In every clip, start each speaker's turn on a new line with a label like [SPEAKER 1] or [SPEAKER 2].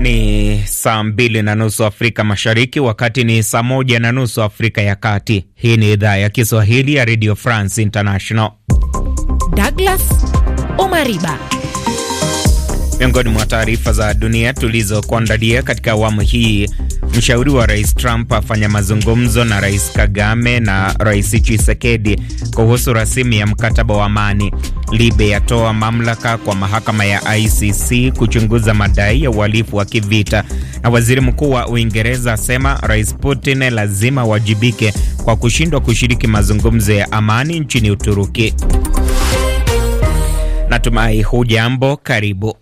[SPEAKER 1] Ni saa mbili na nusu Afrika Mashariki, wakati ni saa moja na nusu Afrika ya Kati. Hii ni idhaa ya Kiswahili ya Radio France International.
[SPEAKER 2] Douglas Omariba,
[SPEAKER 1] miongoni mwa taarifa za dunia tulizokuandalia katika awamu hii: mshauri wa rais Trump afanya mazungumzo na rais Kagame na rais chisekedi kuhusu rasimu ya mkataba wa amani. Libe yatoa mamlaka kwa mahakama ya ICC kuchunguza madai ya uhalifu wa kivita, na waziri mkuu wa Uingereza asema Rais Putin lazima wajibike kwa kushindwa kushiriki mazungumzo ya amani nchini Uturuki. Natumai hujambo, karibu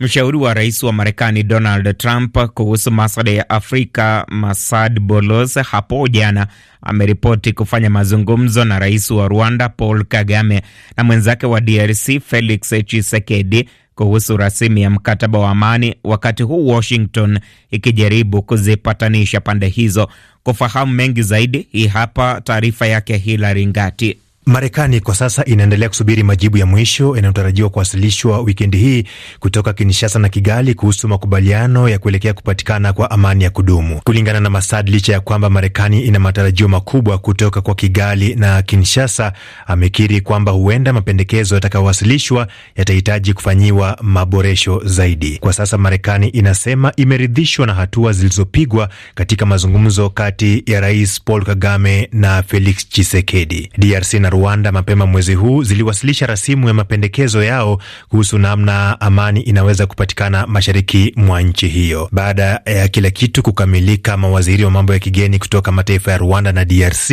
[SPEAKER 1] Mshauri wa rais wa Marekani Donald Trump kuhusu masuala ya Afrika Masad Bolos hapo jana ameripoti kufanya mazungumzo na rais wa Rwanda Paul Kagame na mwenzake wa DRC Felix Tshisekedi kuhusu rasimu ya mkataba wa amani, wakati huu Washington ikijaribu kuzipatanisha pande hizo. Kufahamu mengi zaidi, hii hapa taarifa yake Hilary Ngati. Marekani kwa sasa inaendelea kusubiri majibu ya mwisho yanayotarajiwa kuwasilishwa wikendi hii kutoka Kinshasa na Kigali kuhusu makubaliano ya kuelekea kupatikana kwa amani ya kudumu, kulingana na Masad. Licha ya kwamba Marekani ina matarajio makubwa kutoka kwa Kigali na Kinshasa, amekiri kwamba huenda mapendekezo yatakayowasilishwa yatahitaji kufanyiwa maboresho zaidi. Kwa sasa Marekani inasema imeridhishwa na hatua zilizopigwa katika mazungumzo kati ya Rais Paul Kagame na Felix chisekedi DRC na Rwanda mapema mwezi huu ziliwasilisha rasimu ya mapendekezo yao kuhusu namna amani inaweza kupatikana mashariki mwa nchi hiyo. Baada ya kila kitu kukamilika, mawaziri wa mambo ya kigeni kutoka mataifa ya Rwanda na DRC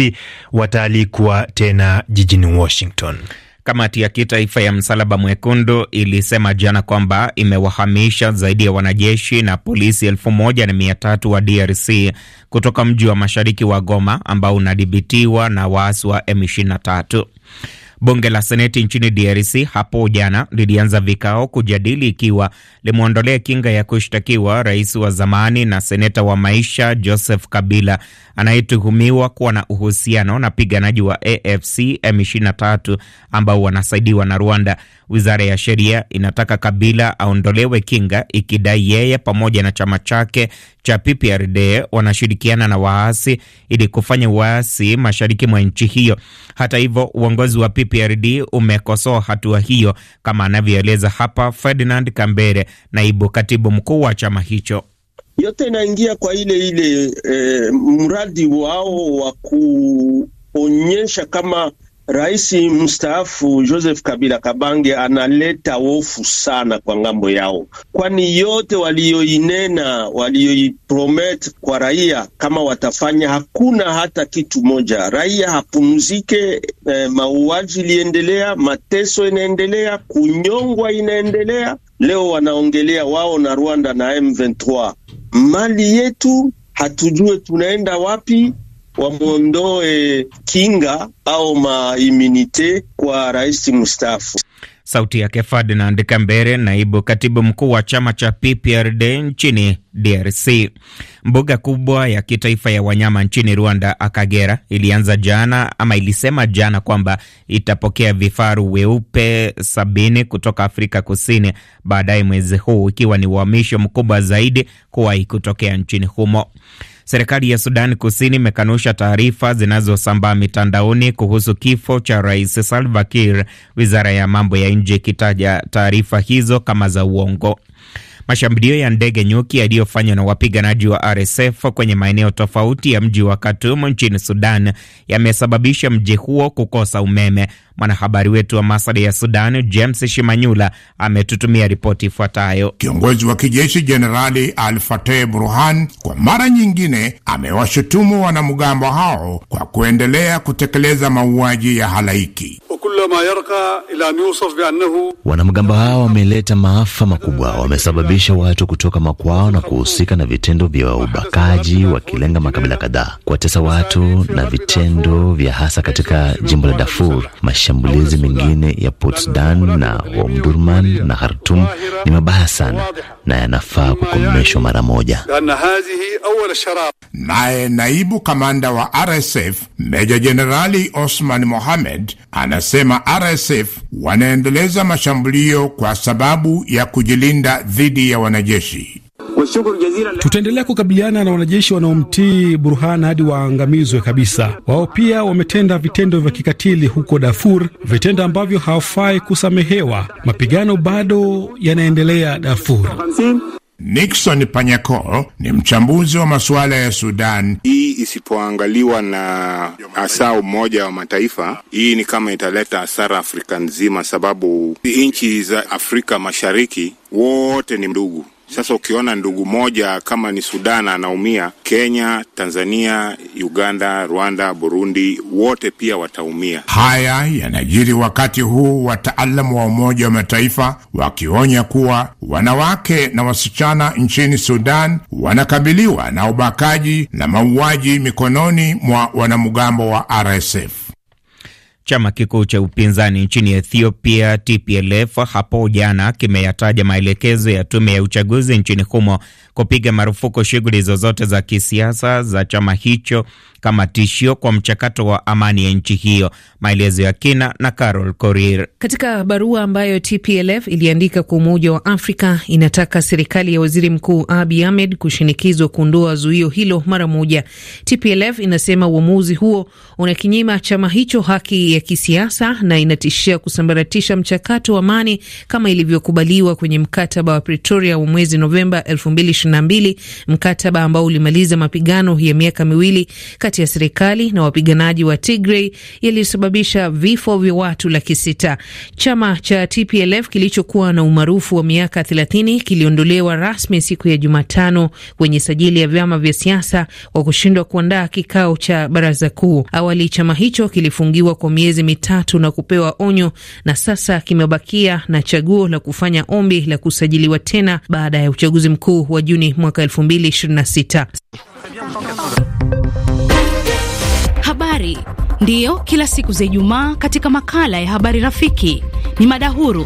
[SPEAKER 1] wataalikwa tena jijini Washington. Kamati ya kitaifa ya Msalaba Mwekundu ilisema jana kwamba imewahamisha zaidi ya wanajeshi na polisi elfu moja na mia tatu wa DRC kutoka mji wa mashariki wa Goma ambao unadhibitiwa na waasi wa M23. Bunge la Seneti nchini DRC hapo jana lilianza vikao kujadili ikiwa limeondolea kinga ya kushtakiwa rais wa zamani na seneta wa maisha Joseph Kabila anayetuhumiwa kuwa na uhusiano na piganaji wa AFC M23 ambao wanasaidiwa na Rwanda. Wizara ya sheria inataka Kabila aondolewe kinga, ikidai yeye pamoja na chama chake cha PPRD wanashirikiana na waasi ili kufanya waasi mashariki mwa nchi hiyo. Hata hivyo, uongozi wa PPRD umekosoa hatua hiyo, kama anavyoeleza hapa Ferdinand Kambere, naibu katibu mkuu wa chama hicho yote inaingia kwa ile ile e, mradi wao wa kuonyesha kama rais mstaafu Joseph Kabila Kabange analeta hofu sana kwa ngambo yao, kwani yote walioinena walioipromet kwa raia kama watafanya, hakuna hata kitu moja. Raia hapumzike, e, mauaji iliendelea, mateso inaendelea, kunyongwa inaendelea. Leo wanaongelea wao na Rwanda na M23 mali yetu, hatujue tunaenda wapi. Wamwondoe kinga au maimunite kwa rais mstaafu. Sauti yake Ferdinand Kambere, naibu katibu mkuu wa chama cha PPRD nchini DRC. Mbuga kubwa ya kitaifa ya wanyama nchini Rwanda, Akagera, ilianza jana ama ilisema jana kwamba itapokea vifaru weupe sabini kutoka Afrika Kusini baadaye mwezi huu, ikiwa ni uhamisho mkubwa zaidi kuwahi kutokea nchini humo. Serikali ya Sudan Kusini imekanusha taarifa zinazosambaa mitandaoni kuhusu kifo cha Rais Salva Kiir, wizara ya mambo ya nje ikitaja taarifa hizo kama za uongo. Mashambulio ya ndege nyuki yaliyofanywa na wapiganaji wa RSF kwenye maeneo tofauti ya mji wa Khartoum nchini Sudan yamesababisha mji huo kukosa umeme. Mwanahabari wetu wa masuala ya Sudan James Shimanyula ametutumia ripoti ifuatayo. Kiongozi wa kijeshi Jenerali Al Fateh Burhan kwa mara nyingine amewashutumu
[SPEAKER 3] wanamgambo hao kwa kuendelea kutekeleza mauaji ya halaiki.
[SPEAKER 1] Wanamgambo hao wameleta maafa makubwa, wamesababisha watu kutoka makwao na kuhusika na vitendo vya ubakaji, wakilenga makabila kadhaa, kuwatesa watu na vitendo vya hasa katika jimbo la Darfur. Mashambulizi mengine ya Port Sudan na Omdurman na Khartoum ni mabaya sana na
[SPEAKER 2] yanafaa kukomeshwa mara moja.
[SPEAKER 3] Naye naibu kamanda wa RSF Meja Jenerali Osman Mohamed anasema wanasema RSF wanaendeleza mashambulio kwa sababu ya kujilinda dhidi ya wanajeshi. Tutaendelea kukabiliana na wanajeshi wanaomtii Burhan hadi waangamizwe kabisa. Wao pia wametenda vitendo vya kikatili huko Darfur, vitendo ambavyo hawafai kusamehewa. Mapigano bado yanaendelea Darfur. Nixon Panyako ni mchambuzi wa masuala ya Sudan. Hii isipoangaliwa na hasa Umoja wa Mataifa, hii ni kama italeta hasara Afrika nzima, sababu nchi za Afrika Mashariki wote ni ndugu sasa ukiona ndugu moja kama ni Sudan anaumia, Kenya, Tanzania, Uganda, Rwanda, Burundi wote pia wataumia. Haya yanajiri wakati huu wataalamu wa Umoja wa Mataifa wakionya kuwa wanawake na wasichana nchini Sudan wanakabiliwa na ubakaji na mauaji mikononi mwa wanamgambo wa RSF.
[SPEAKER 1] Chama kikuu cha upinzani nchini Ethiopia TPLF hapo jana kimeyataja maelekezo ya tume ya uchaguzi nchini humo kupiga marufuku shughuli zozote za kisiasa za chama hicho kama tishio kwa mchakato wa amani ya nchi hiyo. Maelezo ya kina na Carol Korir.
[SPEAKER 2] Katika barua ambayo TPLF iliandika kwa Umoja wa Afrika, inataka serikali ya Waziri Mkuu Abiy Ahmed kushinikizwa kuondoa zuio hilo mara moja. TPLF inasema uamuzi huo unakinyima chama hicho haki ya kisiasa na inatishia kusambaratisha mchakato wa amani kama ilivyokubaliwa kwenye mkataba wa Pretoria wa mwezi Novemba 2022 mkataba ambao ulimaliza mapigano ya miaka miwili kati ya serikali na wapiganaji wa Tigray yaliyosababisha vifo vya watu laki sita. Chama cha TPLF kilichokuwa na umaarufu wa miaka 30 kiliondolewa rasmi siku ya Jumatano kwenye sajili ya vyama vya siasa kwa kushindwa kuandaa kikao cha baraza kuu. Awali chama hicho kilifungiwa kwa miezi mitatu na kupewa onyo, na sasa kimebakia na chaguo la kufanya ombi la kusajiliwa tena baada ya uchaguzi mkuu wa Juni mwaka 2026. Habari ndiyo kila siku za Ijumaa katika makala ya habari rafiki ni mada huru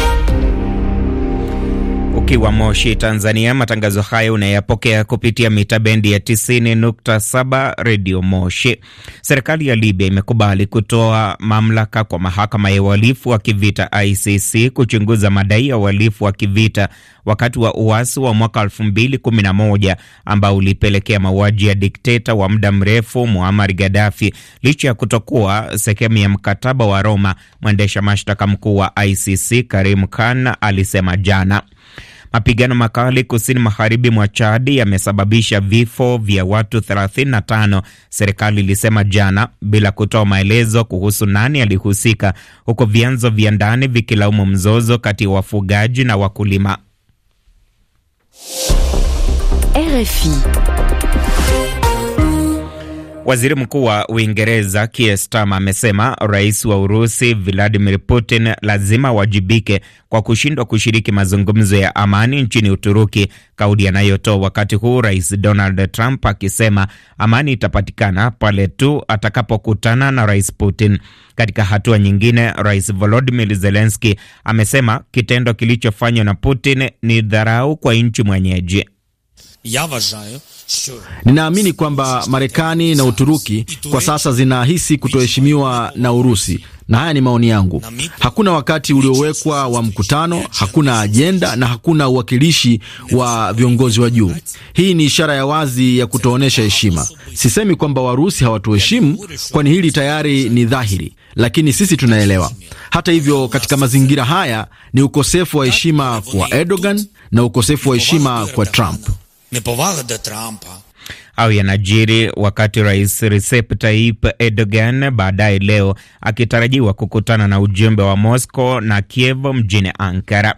[SPEAKER 1] Ukiwa Moshi, Tanzania, matangazo hayo unayapokea kupitia mita bendi ya 90.7 redio Moshi. Serikali ya Libya imekubali kutoa mamlaka kwa mahakama ya uhalifu wa kivita ICC kuchunguza madai ya uhalifu wa kivita wakati wa uasi wa mwaka 2011 ambao ulipelekea mauaji ya dikteta wa muda mrefu Muammar Gaddafi, licha ya kutokuwa sehemu ya mkataba wa Roma. Mwendesha mashtaka mkuu wa ICC Karim Khan alisema jana. Mapigano makali kusini magharibi mwa Chadi yamesababisha vifo vya watu 35, serikali ilisema jana, bila kutoa maelezo kuhusu nani alihusika, huku vyanzo vya ndani vikilaumu mzozo kati ya wafugaji na wakulima. RFI. Waziri Mkuu wa Uingereza Keir Starmer amesema rais wa Urusi Vladimir Putin lazima wajibike kwa kushindwa kushiriki mazungumzo ya amani nchini Uturuki, kauli anayotoa wakati huu Rais Donald Trump akisema amani itapatikana pale tu atakapokutana na Rais Putin. Katika hatua nyingine, Rais volodimir zelenski amesema kitendo kilichofanywa na Putin ni dharau kwa nchi mwenyeji. Ninaamini kwamba Marekani na Uturuki kwa sasa zinahisi kutoheshimiwa na Urusi, na haya ni maoni yangu. Hakuna wakati uliowekwa wa mkutano, hakuna ajenda na hakuna uwakilishi wa viongozi wa juu. Hii ni ishara ya wazi ya kutoonyesha heshima. Sisemi kwamba Warusi hawatuheshimu, kwani hili tayari ni dhahiri, lakini sisi tunaelewa. Hata hivyo, katika mazingira haya ni ukosefu wa heshima kwa Erdogan na ukosefu wa heshima kwa Trump nepovagda Trumpa. Au yanajiri wakati Rais Recep Tayyip Erdogan baadaye leo akitarajiwa kukutana na ujumbe wa Moscow na Kiev mjini Ankara.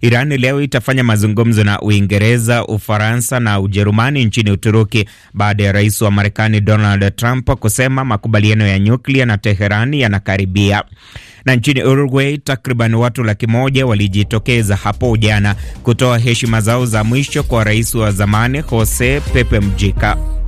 [SPEAKER 1] Iran leo itafanya mazungumzo na Uingereza, Ufaransa na Ujerumani nchini Uturuki baada ya rais wa Marekani Donald Trump kusema makubaliano ya nyuklia na Teherani yanakaribia. Na nchini Uruguay takriban watu laki moja walijitokeza hapo jana kutoa heshima zao za mwisho kwa rais wa zamani Jose Pepe Mujica.